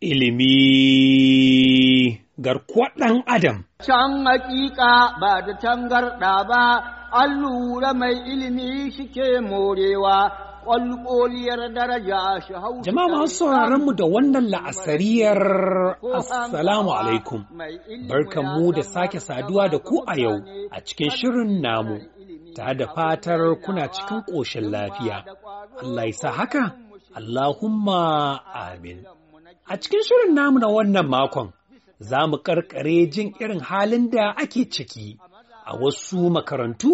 ilimi garkuwa ɗan adam. Can hakika ba da can garɗa ba, an lura mai ilimi shike morewa, ƙwalƙoliyar daraja shi hau. Jama'a masu sauraron mu da wannan la'asariyar Assalamu alaikum, barkanmu mu da sake saduwa da ku a yau a cikin shirin namu, ta da fatar kuna cikin ƙoshin lafiya. Allah ya sa haka, Allahumma amin. A cikin shirin namu na wannan makon, za mu karkare jin irin halin da ake ciki a wasu makarantu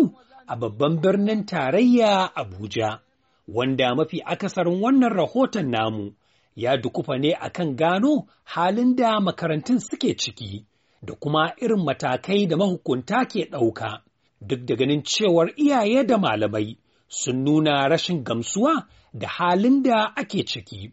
a babban birnin tarayya Abuja, wanda mafi akasarin wannan rahoton namu ya dukufa ne akan gano halin da makarantun suke ciki da kuma irin matakai da mahukunta ke ɗauka, duk da ganin cewar iyaye da malamai sun nuna rashin gamsuwa da halin da ake ciki.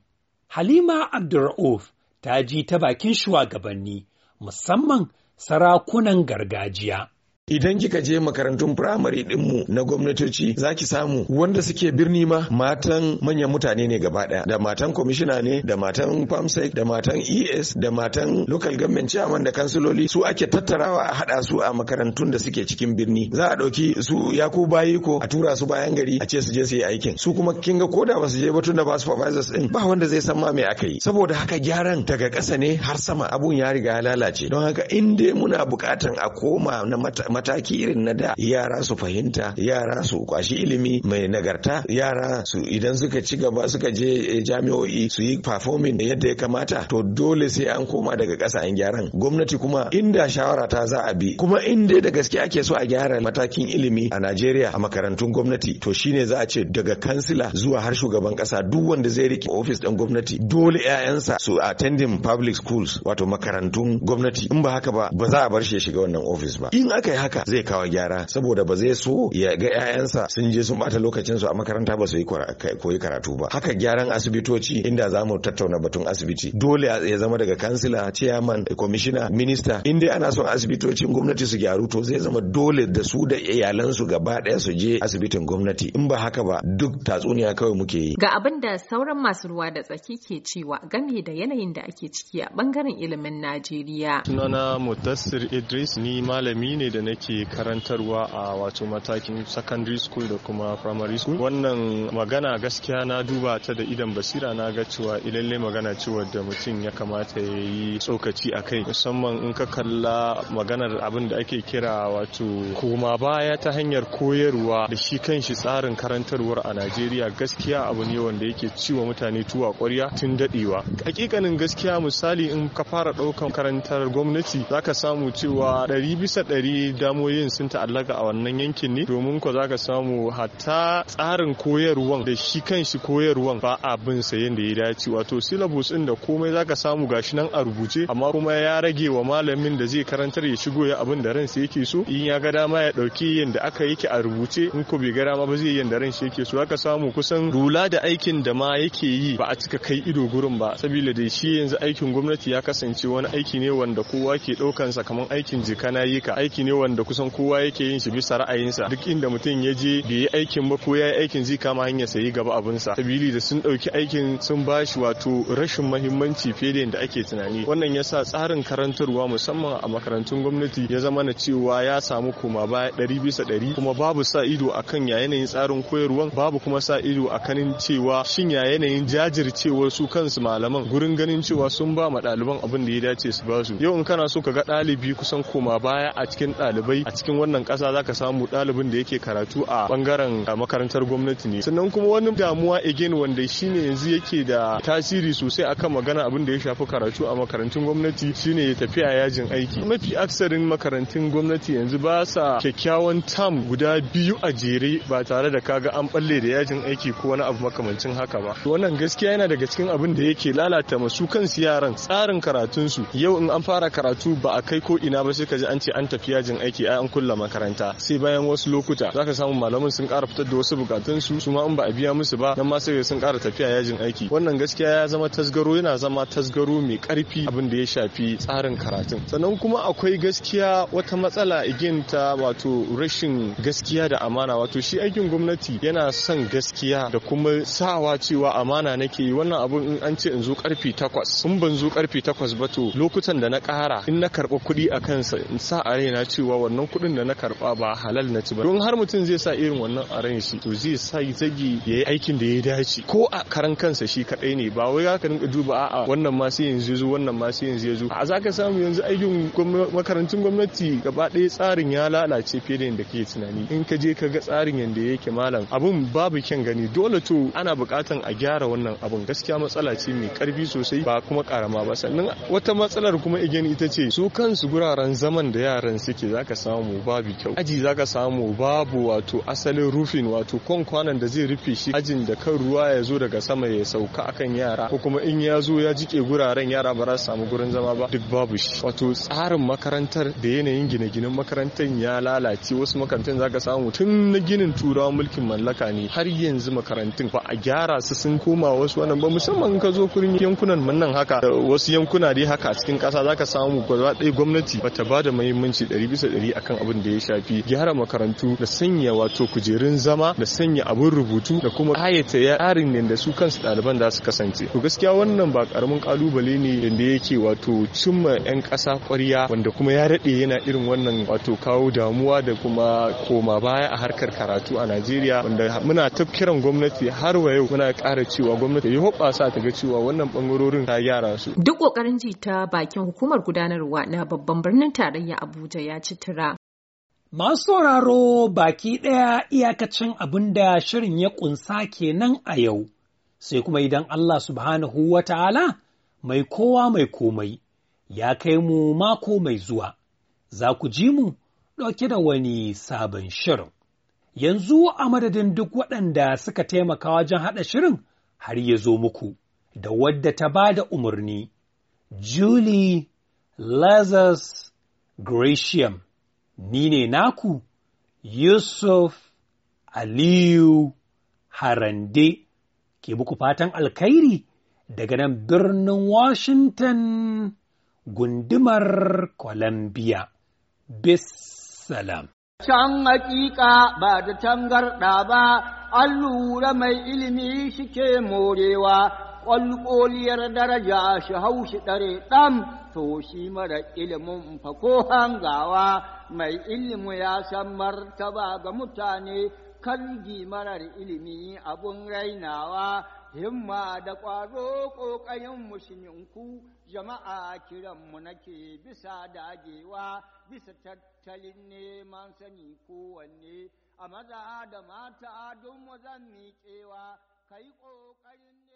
Halima Abdur'uf ta ji ta bakin shugabanni, musamman sarakunan gargajiya. idan kika je makarantun firamare dinmu na gwamnatoci zaki samu wanda suke birni ma matan manyan mutane ne gaba daya da matan kwamishina ne da matan famsec da matan es da matan local government chairman da kansiloli su ake tattarawa a hada su a makarantun da suke cikin birni za a dauki su ku bayi ko a tura su bayan gari a ce su je su yi aikin su kuma kin ga koda ba su je ba tunda ba supervisors din ba wanda zai san ma me aka yi saboda haka gyaran daga ƙasa ne har sama abun ya riga ya lalace don haka in dai muna bukatan a koma na mata. mataki irin na da yara su fahimta yara su kwashi ilimi mai nagarta yara su idan suka ci gaba suka je eh, jami'o'i su yi performing yadda ya kamata to dole sai an koma daga ƙasa an gyaran gwamnati kuma inda shawara ta za a bi kuma inda da gaske ake so a gyara matakin ilimi a Najeriya a makarantun gwamnati to shine za a ce daga kansila zuwa har shugaban ƙasa duk wanda zai rike ofis ɗin gwamnati dole ƴaƴansa su attending public schools wato makarantun gwamnati in ba haka ba ba za a bar shi ya shiga wannan ofis ba in aka yi haka zai kawo gyara saboda ba zai so ya ga 'ya'yansa sun je sun bata lokacin su a makaranta ba su yi koyi karatu ba haka gyaran asibitoci inda za mu tattauna batun asibiti dole ya zama daga kansila chairman commissioner minister in dai ana son asibitocin gwamnati su gyaru to zai zama dole da su da iyalansu gaba daya su je asibitin gwamnati in ba haka ba duk tatsuniya kawai muke yi ga abin da sauran masu ruwa da tsaki ke cewa game da yanayin da ake ciki a bangaren ilimin Najeriya sunana Mutassir Idris ni malami ne da na Ke karantarwa a wato matakin secondary school da kuma primary school wannan magana gaskiya na duba ta da idan basira na ga cewa ilalle eh, magana cewa da mutum ya kamata ya yi tsokaci a kai musamman in ka kalla maganar abin da ake kira wato koma baya ta hanyar koyarwa da shi kanshi tsarin karantarwar a najeriya gaskiya abu ne wanda yake ciwa mutane tuwa kwarya tun dadewa hakikanin gaskiya misali in ka fara daukan karantar gwamnati zaka samu cewa ɗari bisa ɗari damoyin sun ta'allaka a wannan yankin ne domin ko ka samu hatta tsarin koyarwan da shi kanshi koyarwan ba a bin sa ya dace wato syllabus din da komai za ka samu gashi nan a rubuce amma kuma ya rage wa malamin da zai karantar ya shigo ya abin da ransa yake so in ya ga dama ya dauki yanda aka yake a rubuce in ko bai ga dama ba zai yanda ransa yake so zaka samu kusan rula da aikin da ma yake yi ba a cika kai ido gurin ba saboda da shi yanzu aikin gwamnati ya kasance wani aiki ne wanda kowa ke daukan sa kamar aikin jikana yi ka aiki ne wanda wanda kusan kowa yake yin shi bisa ra'ayinsa duk inda mutum ya je bai yi aikin ba ko ya yi aikin zai kama hanyar sayi gaba abinsa sabili da sun ɗauki aikin sun ba shi wato rashin mahimmanci fiye da yadda ake tunani wannan yasa tsarin karantarwa musamman a makarantun gwamnati ya zama na cewa ya samu koma baya ɗari bisa ɗari kuma babu sa ido akan ya yanayin tsarin koyarwan babu kuma sa ido a akan cewa shin ya yanayin jajircewar su kansu malaman gurin ganin cewa sun ba ma ɗaliban abin da ya dace su ba su yau in kana so ka ga ɗalibi kusan koma baya a cikin ɗalibi dalibai a cikin wannan kasa zaka samu ɗalibin da yake karatu a bangaren makarantar gwamnati ne sannan kuma wani damuwa again wanda shine yanzu yake da tasiri sosai akan magana abin da ya shafi karatu a makarantun gwamnati shine ya tafi a yajin aiki mafi aksarin makarantun gwamnati yanzu ba sa kyakkyawan tam guda biyu a jere ba tare da kaga an balle da yajin aiki ko wani abu makamancin haka ba wannan gaskiya yana daga cikin abin da yake lalata masu kansu yaran tsarin karatunsu yau in an fara karatu ba a kai ko ina ba sai ka ji an ce an tafi yajin aiki aiki ai an kulla makaranta sai bayan wasu lokuta zaka samu malaman sun kara fitar da wasu bukatun su su ma in ba a biya musu ba nan ma sai sun kara tafiya yajin aiki wannan gaskiya ya zama tasgaro yana zama tasgaro mai karfi abin da ya shafi tsarin karatun sannan kuma akwai gaskiya wata matsala igin ta wato rashin gaskiya da amana wato shi aikin gwamnati yana son gaskiya da kuma sawa cewa amana nake yi wannan abun in an ce in zo karfi takwas in ban zo karfi takwas ba to lokutan da na kara in na karɓa kuɗi a kansa in sa a raina cewa wannan kuɗin da na karɓa ba halal na ci ba don har mutum zai sa irin wannan a ran shi to zai sa yi zagi ya yi aikin da ya dace ko a karan kansa shi kaɗai ne ba wai ka dinga duba a wannan ma sai yanzu zo wannan ma sai yanzu ya a zaka samu yanzu aikin makarantun gwamnati gaba ɗaya tsarin ya lalace fiye da yadda kake tunani in ka je ka ga tsarin yadda yake malam abun babu kyan gani dole to ana buƙatan a gyara wannan abun gaskiya matsala ce mai karfi sosai ba kuma karama ba sannan wata matsalar kuma igen ita ce su kansu guraren zaman da yaran suke za zaka samu babu kyau aji zaka samu babu wato asalin rufin wato kon kwanan da zai rufe shi ajin da kan ruwa ya zo daga sama ya sauka akan yara ko kuma in ya zo ya jike guraren yara ba za su samu gurin zama ba duk babu shi wato tsarin makarantar da yanayin gine-ginen makarantar ya lalace wasu makarantar zaka samu tun na ginin turawan mulkin mallaka ne har yanzu makarantun ba a gyara su sun koma wasu wannan ba musamman ka zo kurin yankunan nan haka wasu yankuna dai haka cikin ƙasa. zaka samu ba ɗaya gwamnati ta ba da muhimmanci ɗari bisa ɗari akan abin da ya shafi gyara makarantu da sanya wato kujerun zama da sanya abin rubutu da kuma hayata yarin da su kansu ɗaliban da su kasance to gaskiya wannan ba karamin kalubale ne da yake wato cimma 'yan ƙasa ƙwarya wanda kuma ya daɗe yana irin wannan wato kawo damuwa da kuma koma baya a harkar karatu a najeriya wanda muna ta kiran gwamnati har wa yau muna ƙara cewa gwamnati ya hoɓasa ta ga cewa wannan bangarorin ta gyara su duk ƙoƙarin ji ta bakin hukumar gudanarwa na babban birnin tarayya abuja ya ci Sutura. Masu sauraro baki ɗaya iyakacin abin da shirin ya ƙunsa kenan a yau, sai kuma idan Allah subhanahu wa ta'ala mai kowa mai komai ya kai mu mako mai zuwa, za ku ji mu ɗauke da wani sabon shirin. Yanzu a madadin duk waɗanda suka taimaka wajen haɗa shirin har ya zo muku, da wadda ta ba da umarni, Julie Lazarus Gratiam. ni ne naku Yusuf Aliyu Harande ke muku fatan alkhairi daga nan birnin Washington gundumar Columbia. Bissalam. Can hakika ba da tangarɗa ba, an lura mai ilimi shike morewa. ƙwalƙoliyar daraja shi haushi ɗare ɗan to shi mara ilimin fa ko hangawa mai ilimi ya san martaba ga mutane kalgi marar ilimi abun rainawa himma da ƙwaro ƙoƙayen musulunku jama'a kiranmu nake bisa dagewa bisa tattalin neman sani kowanne a maza da mata don mu zan miƙewa kai ƙoƙarin